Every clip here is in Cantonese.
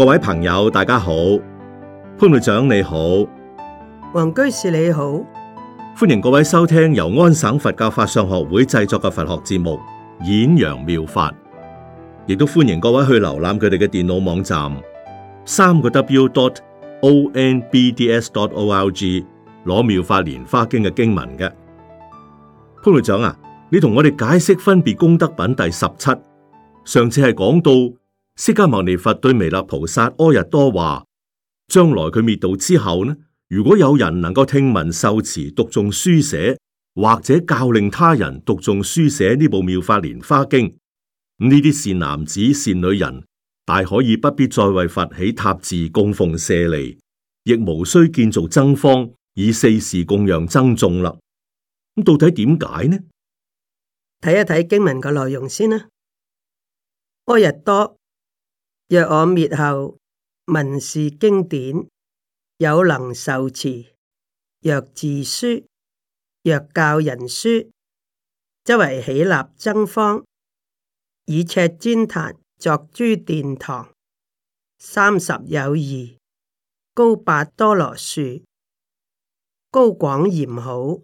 各位朋友，大家好，潘隊長你好，黃居士你好，歡迎各位收聽由安省佛教法相學會製作嘅佛學節目《演揚妙法》，亦都歡迎各位去瀏覽佢哋嘅電腦網站三個 W 點 O N B D S 點 O L G 攞妙法蓮花經嘅經文嘅。潘隊長啊，你同我哋解釋分別功德品第十七，上次係講到。釋迦牟尼佛對彌勒菩薩阿逸多話：將來佢滅度之後呢，如果有人能夠聽聞受持讀誦書寫，或者教令他人讀誦書寫呢部妙法蓮華經，咁呢啲善男子善女人，大可以不必再為佛起塔寺供奉舍利，亦無需建造僧坊，以四時供養僧眾啦。咁到底點解呢？睇一睇經文嘅內容先啦，阿逸多。若我滅後，聞是經典有能受持，若自書，若教人書，則為起立僧坊，以赤栴檀作諸殿堂，三十有二，高八多羅樹，高廣嚴好，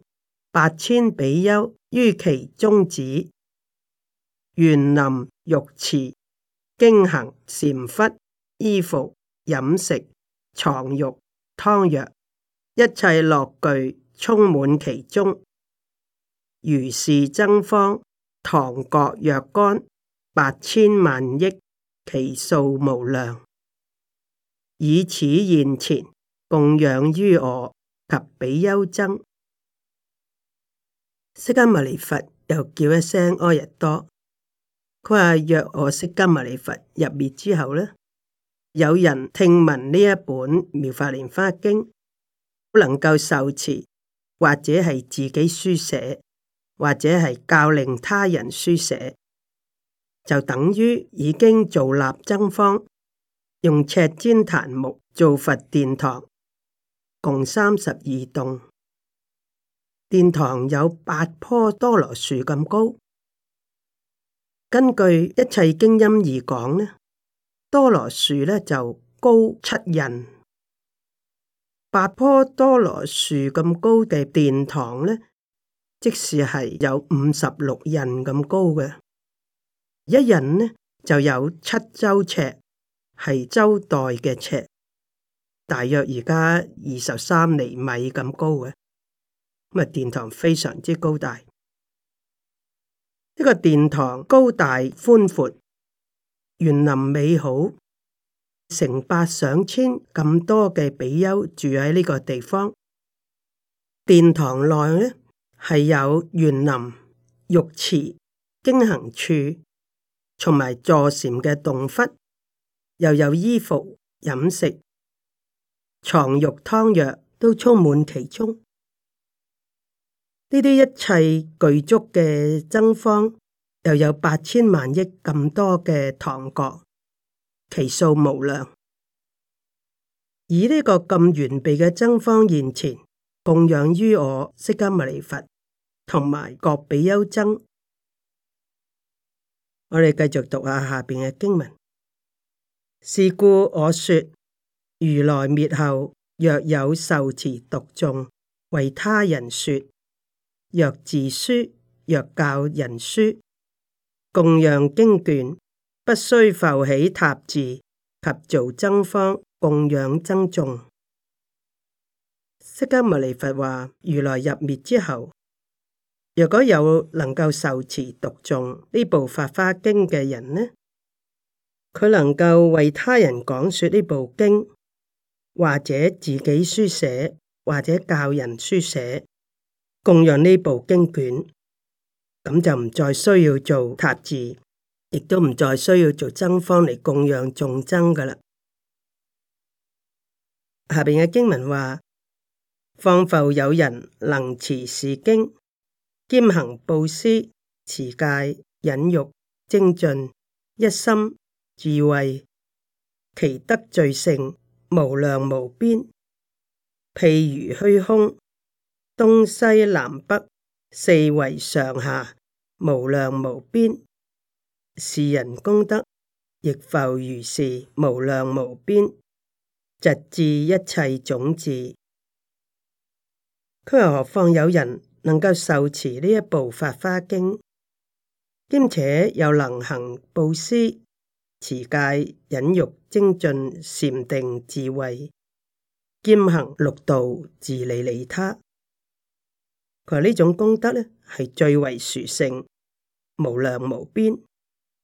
八千比丘於其中止，園林浴池。經行禪窟，衣服飲食床褥，湯藥一切樂具充滿其中。如是僧坊堂閣，若干八千萬億，其數無量，以此現前供養於我及比丘僧。釋迦牟尼佛又叫一聲阿逸多。佢話若我釋迦牟尼佛入滅之後，有人聽聞呢一本妙法蓮華經，能夠受持，或者係自己書寫，或者係教令他人書寫，就等於已經造立僧坊，用赤栴檀木造佛殿堂，共三十二棟。殿堂有八棵多羅樹咁高，根據一切經音而講呢，多羅樹呢就高七人，八棵多羅樹咁高嘅殿堂呢，即使係有五十六人咁高嘅，一人呢就有七周尺，係周代嘅尺，大約而家二十三厘米咁高嘅，咁啊殿堂非常之高大。呢個殿堂高大寬闊，園林美好，成百上千咁多嘅比丘住喺呢個地方。殿堂內呢，係有園林、浴池、經行處，同埋坐禪嘅洞窟，又有衣服、飲食、床褥湯藥都充滿其中。呢啲一切具足嘅僧坊，又有八千萬億咁多嘅唐國，其數無量。以呢個咁完備嘅僧坊現前，供養於我釋迦牟尼佛，同埋各比丘僧。我哋繼續讀下下邊嘅經文。是故我說，如來滅後，若有受持讀誦，為他人說。若自書，若教人書，供養經卷，不須復起塔寺及造僧坊供養僧眾。釋迦牟尼佛話：如來入滅之後，若果有能夠受持讀誦呢部《法華經》嘅人呢，佢能夠為他人講說呢部經，或者自己書寫，或者教人書寫。供養呢部經卷，咁就唔再需要做塔寺，亦都唔再需要做僧坊嚟供養眾僧㗎喇。下面嘅經文話：況復有人能持是經，兼行布施、持戒、忍辱、精進、一心、智慧，其德最勝無量無邊，譬如虛空。東西南北四維上下無量無邊，是人功德亦復如是，無量無邊，直至一切種子。佢又何況有人能夠受持呢一部《法華經》，兼且又能行布施、持戒、忍辱、精進、禪定、智慧，兼行六度，自利利他。佢話呢種功德咧，係最為殊勝、無量無邊，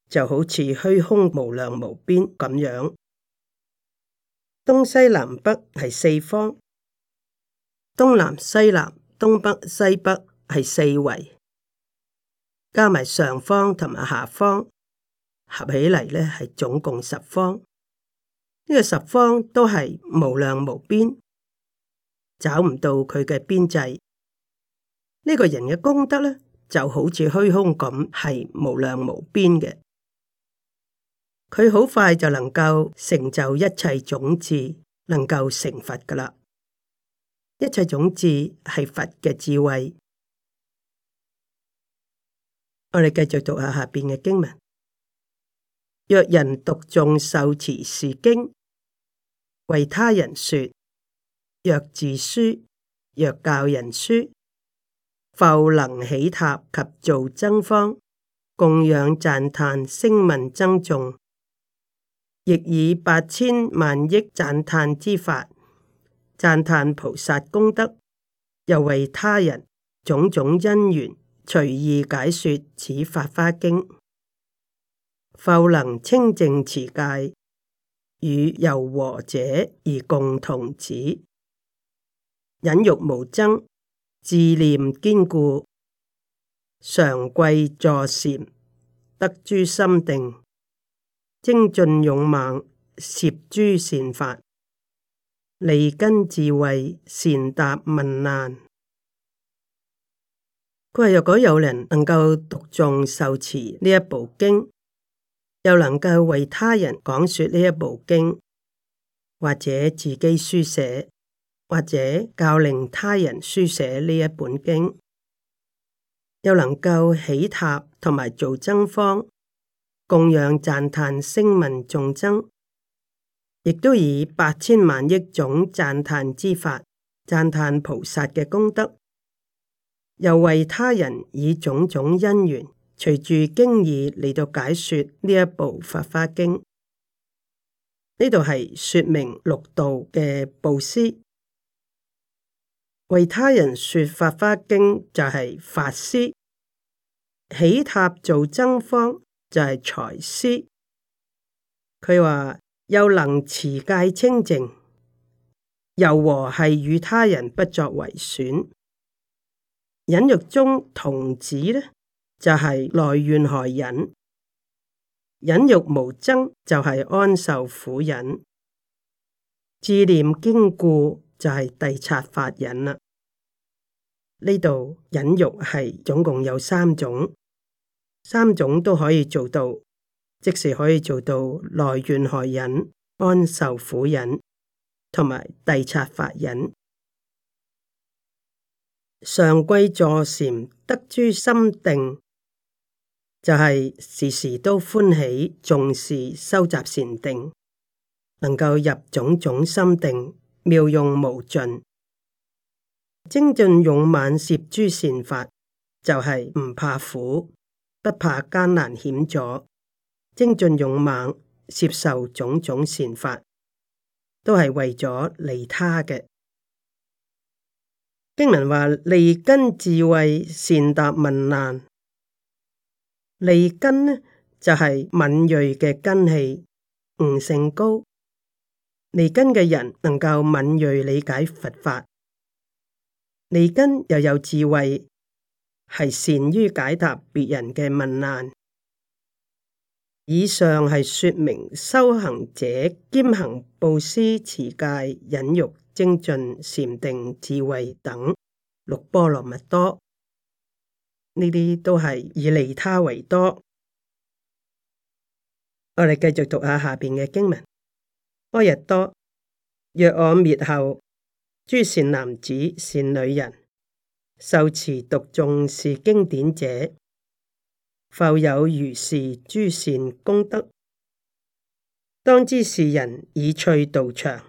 就好似虛空無量無邊咁樣。東西南北係四方，東南西南東北西北係四維，加埋上，上方同埋下方，合起嚟咧係總共十方。呢、這個十方都係無量無邊，找唔到佢嘅邊際。呢個人嘅功德咧，就好似虛空咁，係無量無邊嘅。佢好快就能夠成就一切種智，能夠成佛㗎喇。一切種智係佛嘅智慧。我哋繼續讀下下邊嘅經文：若人讀誦受持是經，為他人說，若自書，若教人書。復能起塔及造僧坊，供養讚嘆聲聞眾僧，亦以八千萬億讚嘆之法讚嘆菩薩功德，又為他人種種因緣隨意解說此法花經。復能清淨持戒，與柔和者而共同止，忍辱無瞋。自念堅固，常貴助善，得諸心定，精進勇猛，攝諸善法，利根智慧，善答問難。佢話：若果有人能夠讀誦受持呢一部經，又能夠為他人講說呢一部經，或者自己書寫，或者教令他人書寫呢一本經，又能夠起塔同埋造僧坊，供養讚歎聲聞眾僧，亦都以八千萬億種讚歎之法讚歎菩薩嘅功德，又為他人以種種因緣，隨住經意嚟到解說呢一部法華經。呢度係說明六度嘅布施。為他人說法華經就係、是、法師，起塔造僧坊就係、是、財師。佢話又能持戒清淨，又和係與他人不作為損。忍辱中童子呢，就係、是、內怨害忍；忍辱無增就係、是、安受苦忍，自念堅固，就係、是、諦察法忍啦。呢度忍辱係總共有三種，三種都可以做到，即時可以做到耐怨害忍、安受苦忍同埋諦察法忍。上歸坐禪得諸心定，就係、是、時時都歡喜，重視收集禪定，能夠入種種心定，妙用無盡。精進勇猛攝諸善法，就係、是、唔怕苦，不怕艱難險阻。精進勇猛攝受種種善法，都係為咗利他嘅。經文話：利根智慧善達文難，利根就係、是、敏銳嘅根氣，悟性高。利根嘅人能夠敏銳理解佛法。利根又有智慧，係善於解答別人嘅問難。以上係說明修行者兼行布施、持戒、忍辱、精進、禪定、智慧等六波羅蜜多。呢啲都係以利他為多。我哋繼續讀下下面嘅經文：阿逸多，若我滅後。諸善男子、善女人，受持讀誦是經典者，復有如是諸善功德，當知是人已趣道場，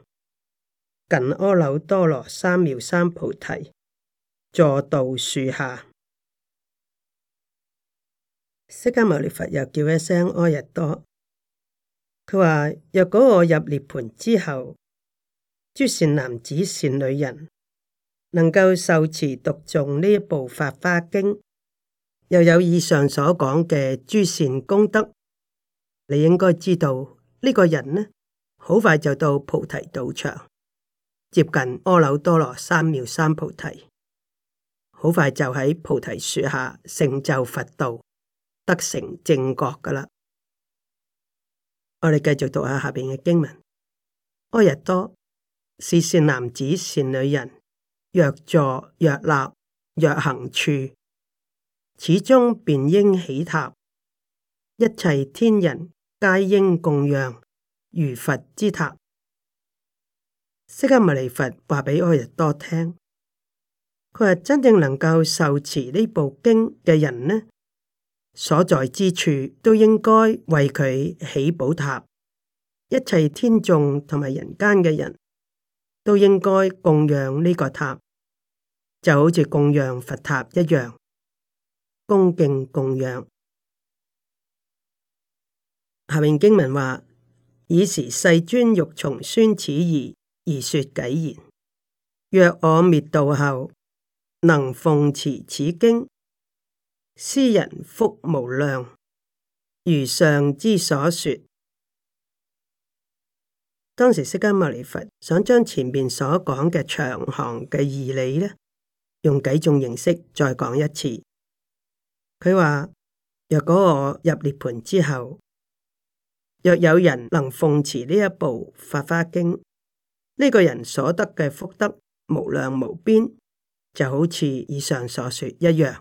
近阿耨多羅三藐三菩提，坐道樹下。釋迦牟尼佛又叫一聲阿逸多，佢話：若果我入涅槃之後。諸善男子善女人，能夠受持讀誦呢一部法花經，又有以上所講嘅諸善功德，你應該知道呢、呢個人呢，好快就到菩提道場，接近阿耨多羅三藐三菩提，好快就喺菩提樹下成就佛道，得成正覺噶啦。我哋繼續讀下下邊嘅經文，阿逸多。是善男子、善女人，若坐、若立、若行處，始終便應起塔。一切天人皆應供養如佛之塔。釋迦牟尼佛話俾阿逸多聽，佢話真正能夠受持呢部經嘅人呢，所在之處都應該為佢起寶塔。一切天眾同埋人間嘅人。都應該供養呢個塔，就好似供養佛塔一樣，恭敬供養。下面經文話：以時世尊欲從宣此義，而說偈言，若我滅度後，能奉持此經，斯人福無量，如上之所說。當時釋迦牟尼佛想將前面所講嘅長行嘅義理呢，用偈頌形式再講一次。佢話：若果我入涅槃之後，若有人能奉持呢一部《法華經》這，呢個人所得嘅福德無量無邊，就好似以上所說一樣。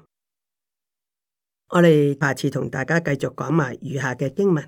我哋下次同大家繼續講埋餘下嘅經文。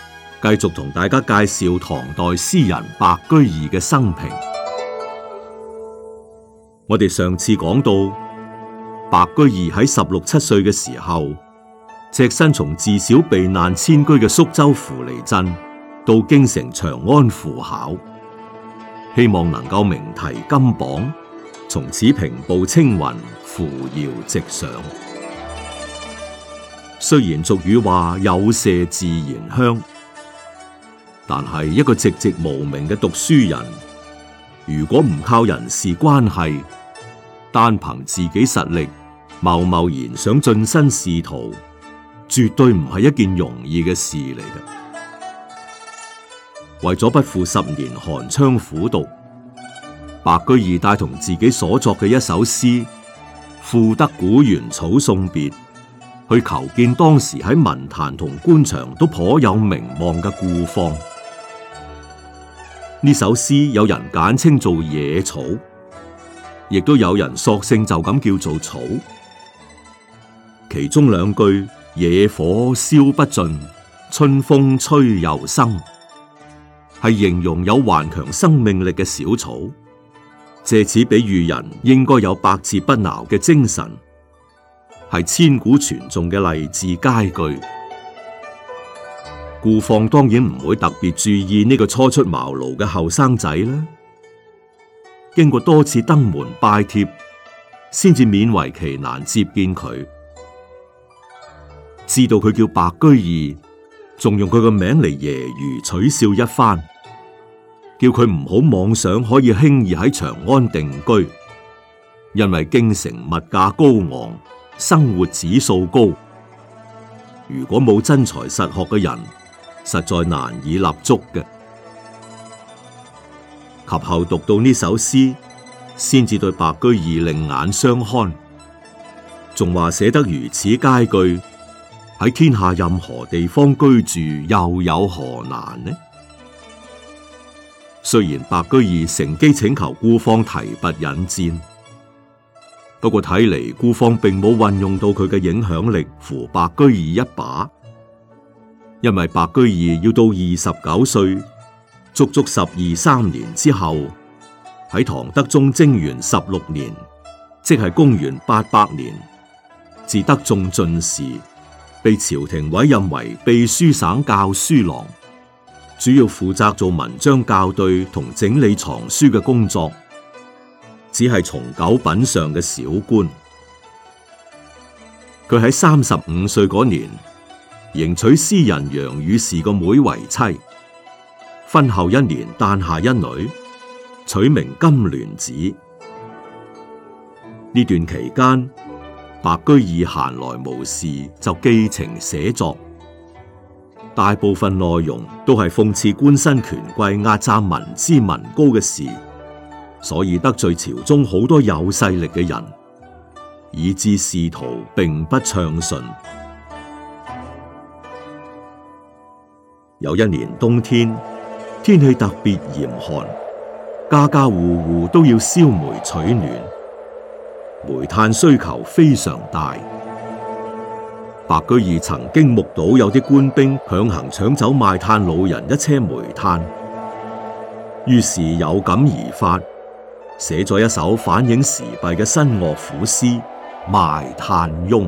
繼續同大家介紹唐代詩人白居易嘅生平。我哋上次講到，白居易喺十六七歲嘅時候，隻身從自小避難遷居嘅宿州符離鎮到京城長安赴考，希望能夠名題金榜，從此平步青雲，扶搖直上。雖然俗語話有麝自然香。但係一個寂寂無名嘅讀書人，如果唔靠人事關係，單憑自己實力，貿貿然想進身仕途，絕對唔係一件容易嘅事嚟嘅。為咗不負十年寒窗苦讀，白居易帶同自己所作嘅一首詩《賦得古原草送別》，去求見當時喺文壇同官場都頗有名望嘅顧況。呢首詩有人簡稱做野草，亦都有人索性就咁叫做草。其中兩句野火燒不盡，春風吹又生，係形容有頑強生命力嘅小草。借此比喻人應該有百折不撓嘅精神，係千古傳頌嘅勵志佳句。顧況當然唔會特別注意呢個初出茅廬嘅後生仔啦。經過多次登門拜帖，先至勉為其難接見佢。知道佢叫白居易，仲用佢個名嚟揶揄取笑一番，叫佢唔好妄想可以輕易喺長安定居，因為京城物價高昂，生活指數高。如果冇真才實學嘅人，實在難以立足嘅，及後讀到呢首詩，先至對白居易另眼相看，仲話寫得如此佳句，喺天下任何地方居住又有何難呢？雖然白居易乘機請求顧況提拔引薦，不過睇嚟顧況並冇運用到佢嘅影響力，扶白居易一把。因為白居易要到二十九歲，足足十二三年之後，喺唐德宗貞元十六年，即係公元八百年，至德宗進士，被朝廷委任為秘書省校書郎，主要負責做文章校對同整理藏書嘅工作，只係從九品上嘅小官。佢喺三十五歲嗰年。迎娶詩人楊汝士個妹，妹為妻，婚後一年誕下一女，取名金鑾子。呢段期間，白居易閒來無事就寄情寫作，大部分內容都係諷刺官紳權貴壓榨民脂民膏嘅事，所以得罪朝中好多有勢力嘅人，以致仕途並不暢順。有一年冬天，天氣特別嚴寒，家家戶戶都要燒煤取暖，煤炭需求非常大。白居易曾經目睹有啲官兵強行搶走賣炭老人一車煤炭，於是有感而發，寫咗一首反映時弊嘅新樂府詩《賣炭翁》。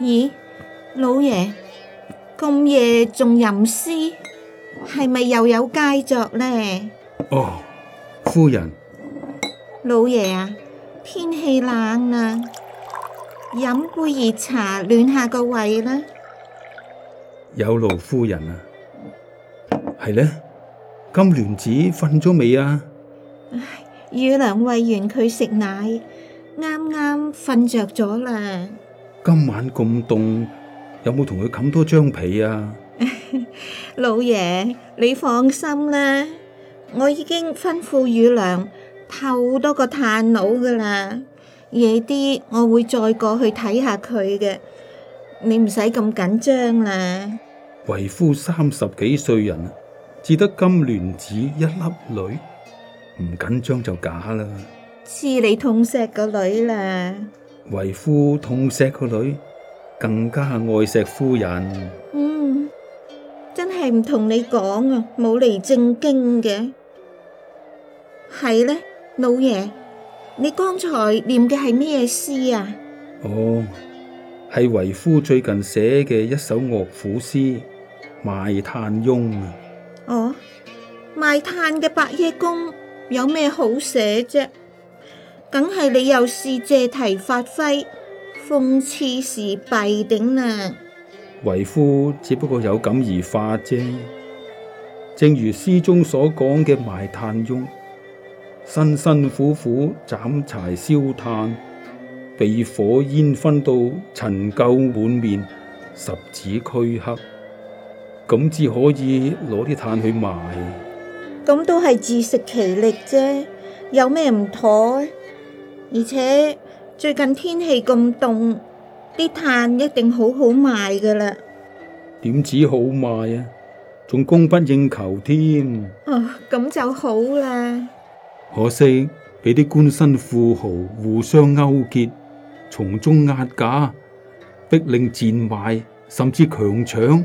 咦，老爺咁夜仲吟詩，係咪又有佳作呢？哦，夫人。老爺啊，天氣冷啦，飲杯熱茶暖下個胃啦。有勞夫人啊。係呢，金鑾子瞓咗未啊？唉，乳娘餵完佢食奶，啱啱瞓着咗啦。今晚咁凍，有冇同佢冚多張被啊？老爺，你放心啦，我已經吩咐雨良透多個炭爐噶啦。夜啲我會再過去睇下佢嘅，你唔使咁緊張啦。為夫三十幾歲人啦，只得金蓮子一粒女，唔緊張就假啦。知你痛錫個女啦。為夫痛錫個女，更加愛錫夫人。嗯，真係唔同你講啊，冇嚟正經嘅。係呢，老爺,你剛才念嘅係咩詩啊？哦，係為夫最近寫嘅一首樂府詩《賣炭翁》啊。哦，賣炭嘅伯爺公有咩好寫啫？梗係你又試借題發揮，諷刺時弊頂啦。為夫只不過有感而發啫，正如詩中所講嘅賣炭翁，辛辛苦苦斬柴燒炭，被火煙熏到塵垢滿面，十指俱黑，咁至可以攞啲炭去賣。咁都係自食其力啫，有咩唔妥？而且最近天氣咁凍，啲炭一定好好賣噶啦。點止好賣啊？仲供不應求添。啊，咁、哦、就好啦。可惜俾啲官紳富豪互相勾結，從中壓價，逼令賤賣，甚至強搶。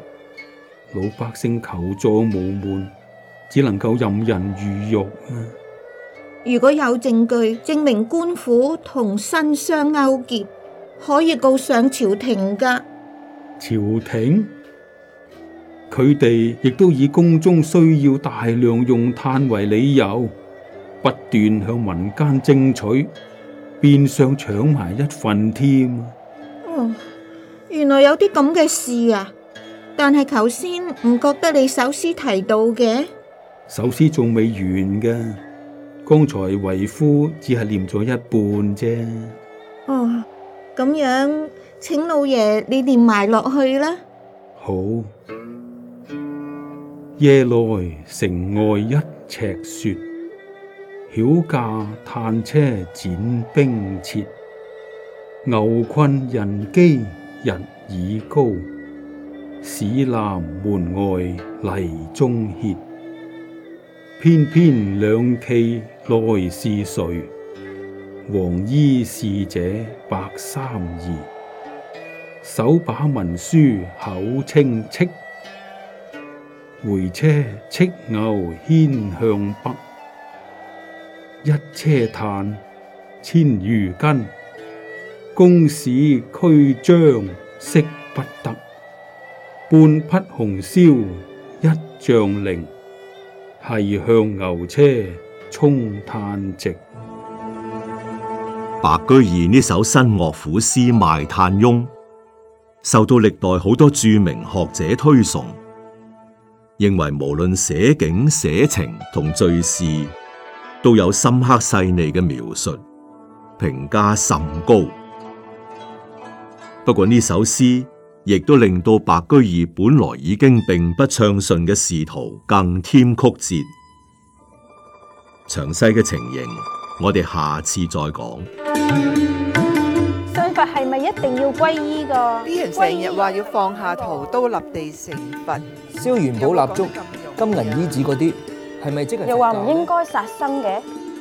老百姓求助無門，只能夠任人魚肉啊！如果有證據證明官府同新相勾結，可以告上朝廷噶。朝廷佢哋亦都以宮中需要大量用炭為理由，不斷向民間徵取，變相搶埋一份添。哦、嗯，原來有啲咁嘅事啊！但係頭先唔覺得你首詩提到嘅，首詩仲未完噶。剛才為夫只係念咗一半啫。哦，咁樣，請老爺你念埋落去啦。好，夜來城外一尺雪，曉駕炭車輾冰轍。牛困人飢日已高，市南門外泥中歇。翩翩兩騎來是誰？黃衣使者白衫兒，手把文書口稱敕。回車叱牛牽向北。一車炭，千餘斤，宮使驅將惜不得。半匹紅綃一丈綾，繫向牛車。冲嘆直，白居易呢首新樂府詩《賣炭翁》受到歷代好多著名學者推崇，認為無論寫景、寫情同敘事都有深刻細膩嘅描述，評價甚高。不過呢首詩亦都令到白居易本來已經並不暢順嘅仕途更添曲折。詳細嘅情形，我哋下次再講。信佛係咪一定要皈依㗎？啲人成日話要放下屠刀立地成佛，燒元寶蠟燭、有有金銀衣紙嗰啲，係咪即係？又話唔應該殺生嘅，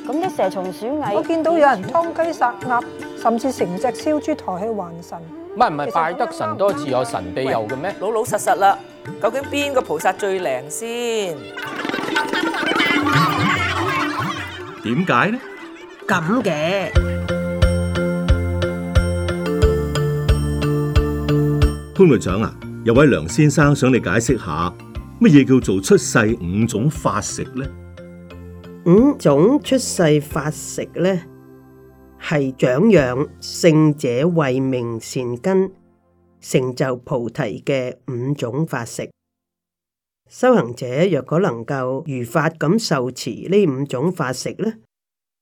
咁啲蛇蟲鼠蟻，我見到有人劏雞殺鴨，甚至成隻燒豬抬去還神。唔係唔係，不是不是，拜得神多自有神庇佑嘅咩？喂老老實實啦，究竟邊個菩薩最靈先？點解呢？咁嘅潘局長啊，有位梁先生想你解釋下乜嘢叫做出世五種法食呢？五種出世法食呢，係長養聖者慧命善根，成就菩提嘅五種法食。修行者若果能夠如法噉受持呢五種法食咧，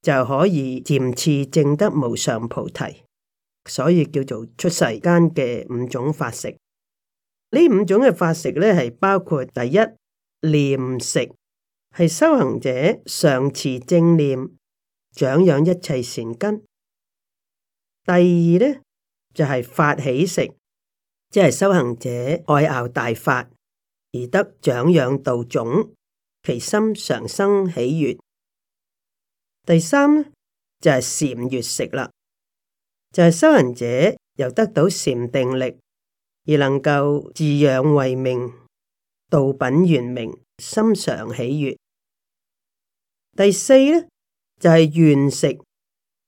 就可以漸次證得無上菩提，所以叫做出世間嘅五種法食。呢五種嘅法食咧係包括第一，念食，係修行者常持正念，長養一切善根。第二咧，就係法喜食，即係修行者愛樂大法。而得長養道種，其心常生喜悅。第三呢就係禪悅食啦，就係、是就是、修行者又得到禪定力，而能夠自養慧命，道品圓明，心常喜悅。第四呢就係、是、願食，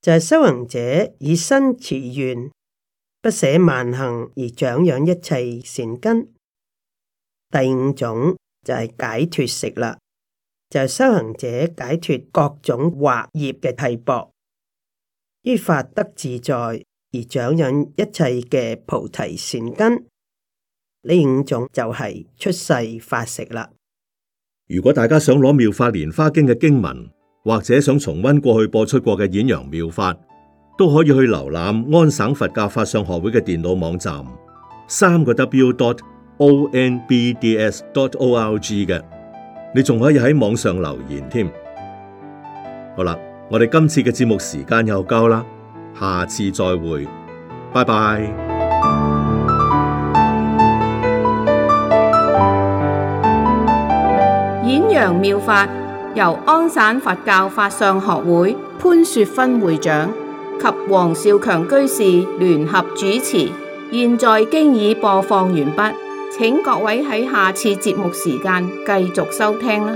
就係、是、修行者以身持願，不捨萬行，而長養一切善根。第五種就係解脫食啦，就係修行者解脫各種惑業嘅替薄，於法得自在而長養一切嘅菩提善根。呢五種就係出世法食啦。如果大家想攞《妙法蓮華經》嘅經文，或者想重溫過去播出過嘅演揚妙法，都可以去瀏覽安省佛教法相學會嘅電腦網站，三個 w dot。o n b d s dot o r g 嘅，你仲可以喺網上留言添。好啦，我哋今次嘅節目時間又夠啦，下次再會，拜拜。演揚妙法由安省佛教法相學會潘雪芬會長及黃少強居士聯合主持，現在經已播放完畢。請各位喺下次節目時間繼續收聽啦。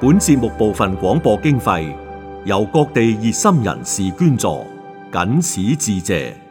本節目部分廣播經費由各地熱心人士捐助，謹此致謝。